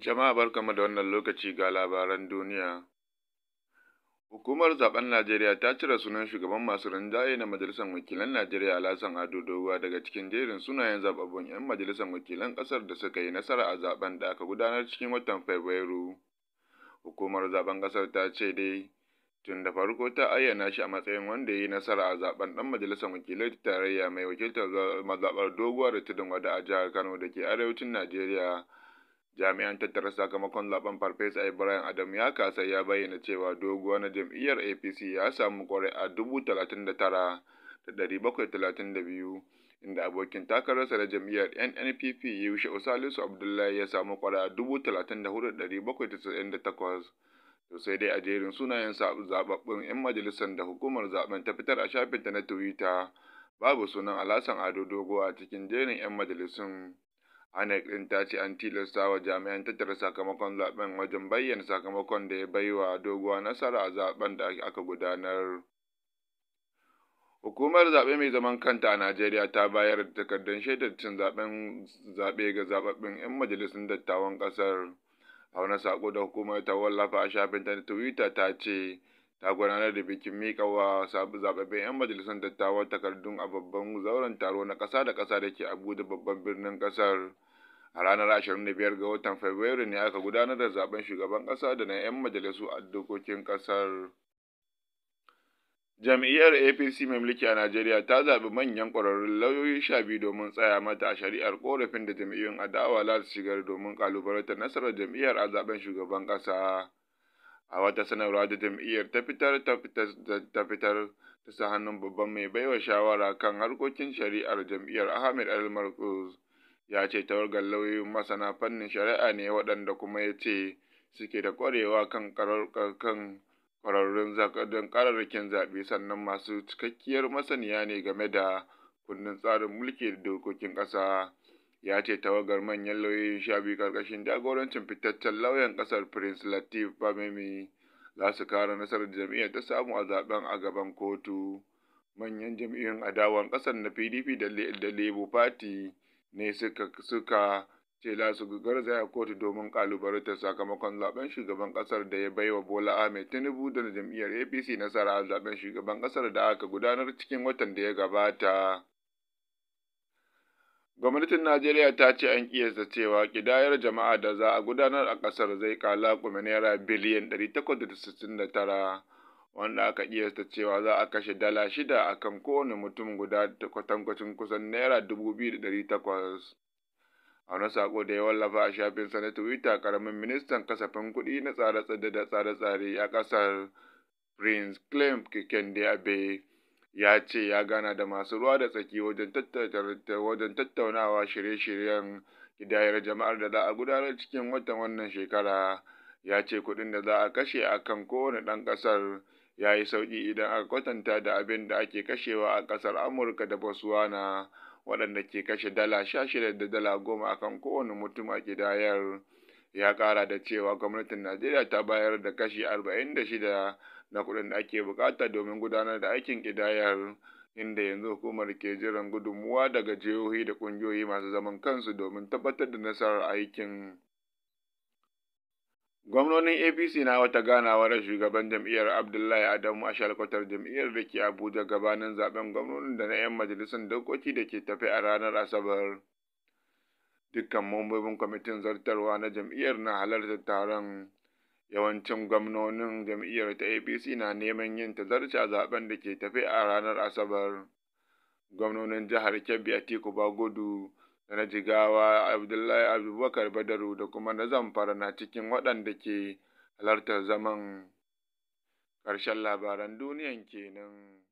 Jama'a barkanmu da wannan lokaci ga labaran duniya. Hukumar zaben Najeriya ta cire sunan shugaban masu rinjaye na Majalisar Wakilan Najeriya Alhassan Ado Doguwa daga cikin jerin sunayen zababbun 'yan Majalisar Wakilan ƙasar da suka yi nasara a zaben da aka gudanar cikin watan Fabrairu. Hukumar zaben ƙasar ta ce dai tun da farko ta ayyana shi a matsayin wanda ya yi nasara a zaben ɗan Majalisar Wakilai Tarayya mai wakiltar mazaɓar Doguwa da Tudun Wada a jihar Kano da ke arewacin Najeriya. Jami'an tattara sakamakon zaɓen Farfesa Ibrahim Adam ya kasa ya bayyana cewa Doguwa na jam'iyyar APC ya samu ƙuri'a 39,732, inda abokin takararsa na jam'iyyar NNPP Yushe'u Salisu Abdullahi ya samu ƙuri'a a To sai dai a jerin sunayen zaɓaɓɓun 'yan majalisar da hukumar zaɓen ta fitar a shafinta na Twitter, babu sunan Alasan Ado Doguwa a cikin jerin 'yan majalisun. INEC ɗin ta ce an tilasta wa jami'an tattara sakamakon zaɓen wajen bayyana sakamakon da ya baiwa doguwa nasara a zaɓen da aka gudanar. Hukumar zaɓe mai zaman kanta a Najeriya ta bayar da takardar shaidar cin zaɓe ga zaɓaɓɓun 'yan majalisun dattawan ƙasar. A wani saƙo da hukumar ta wallafa a shafinta na Twitter ta ce, ta gudanar da bikin miƙa wa zaɓaɓɓen 'yan majalisar dattawan takardun a babban zauren taro na ƙasa da kasa da ke Abuja babban birnin ƙasar. A ranar 25 ga watan Fabrairu ne aka gudanar da zaben shugaban ƙasa da na 'yan majalisu a dokokin ƙasar. Jam'iyyar APC mai mulki a Najeriya ta zaɓi manyan ƙwararrun lauyoyi sha biyu domin tsaya mata a shari'ar ƙorafin da jam'iyyun adawa za su shigar domin ƙalubalantar nasarar jam'iyyar a zaben shugaban ƙasa. A wata sanarwa da jam'iyyar ta fitar ta fitar ta sa hannun babban mai baiwa shawara kan harkokin shari'ar jam'iyyar Ahmed Al marcus ya ce tawagar lauyoyin masana fannin shari'a ne waɗanda kuma ya ce suke da ƙwarewa kan kwararrun kararrakin zaɓe sannan masu cikakkiyar masaniya ne game da kundin tsarin mulki da dokokin ƙasa. ya ce tawagar manyan lauyoyin sha biyu ƙarƙashin jagorancin fitaccen lauyan ƙasar prince latif bamemi za su kare nasarar jam'iyyar ta samu a zaben a gaban kotu manyan jam'iyyun adawan kasar na pdp da labour party ne suka ce za su garzaya kotu domin kalubalantar sakamakon zaben shugaban ƙasar da ya baiwa bola ahmed tinubu da jam'iyyar apc nasara a zaben shugaban ƙasar da aka gudanar cikin watan da ya gabata Gwamnatin Najeriya ta ce an ƙiyasta cewa kidayar jama'a da za a gudanar a ƙasar zai ƙalaƙume Naira biliyan 869, wanda aka ƙiyasta cewa za a kashe dala shida a kan kowane mutum guda kwatankwacin kusan Naira 2,800. A wani saƙo da ya wallafa a shafin na Twitter, ƙaramin ministan kasafin kuɗi na tsare-tsare da tsare-tsare a ƙasar Prince Clem Kikende Abe ya ce ya gana da masu ruwa da tsaki wajen tattaunawa shirye-shiryen kidayar jama'ar da za a gudanar cikin watan wannan shekara ya ce kuɗin da za a kashe a kan kowane ɗan ƙasar ya yi sauƙi idan aka kwatanta da abin da ake kashewa a ƙasar amurka da botswana waɗanda ke kashe dala sha shida da dala goma a kan kowane mutum a kidayar Ya kara da cewa gwamnatin Najeriya ta bayar da kashi 46 na kuɗin da ake buƙata domin gudanar da aikin ƙidayar inda yanzu hukumar ke jiran gudunmuwa daga jihohi da ƙungiyoyi masu zaman kansu domin tabbatar da nasarar aikin. Gwamnonin APC na wata ganawa shugaban jam'iyyar Abdullahi Adamu a shalkwatar jam'iyyar da ke Abuja gabanin zaben gwamnonin da na 'yan majalisar dokoki da ke tafe a ranar Asabar. Dukkan mambobin kwamitin zartarwa na jam'iyyar na halartar taron, yawancin gwamnonin jam'iyyar ta APC na neman yin tazarce a zaɓen da ke tafe a ranar Asabar. Gwamnonin Jihar Kebbi Atiku Bagudu da na Jigawa Abdullahi Abubakar Badaru da kuma na Zamfara na cikin waɗanda ke halartar zaman. Ƙarshen labaran duniyan kenan.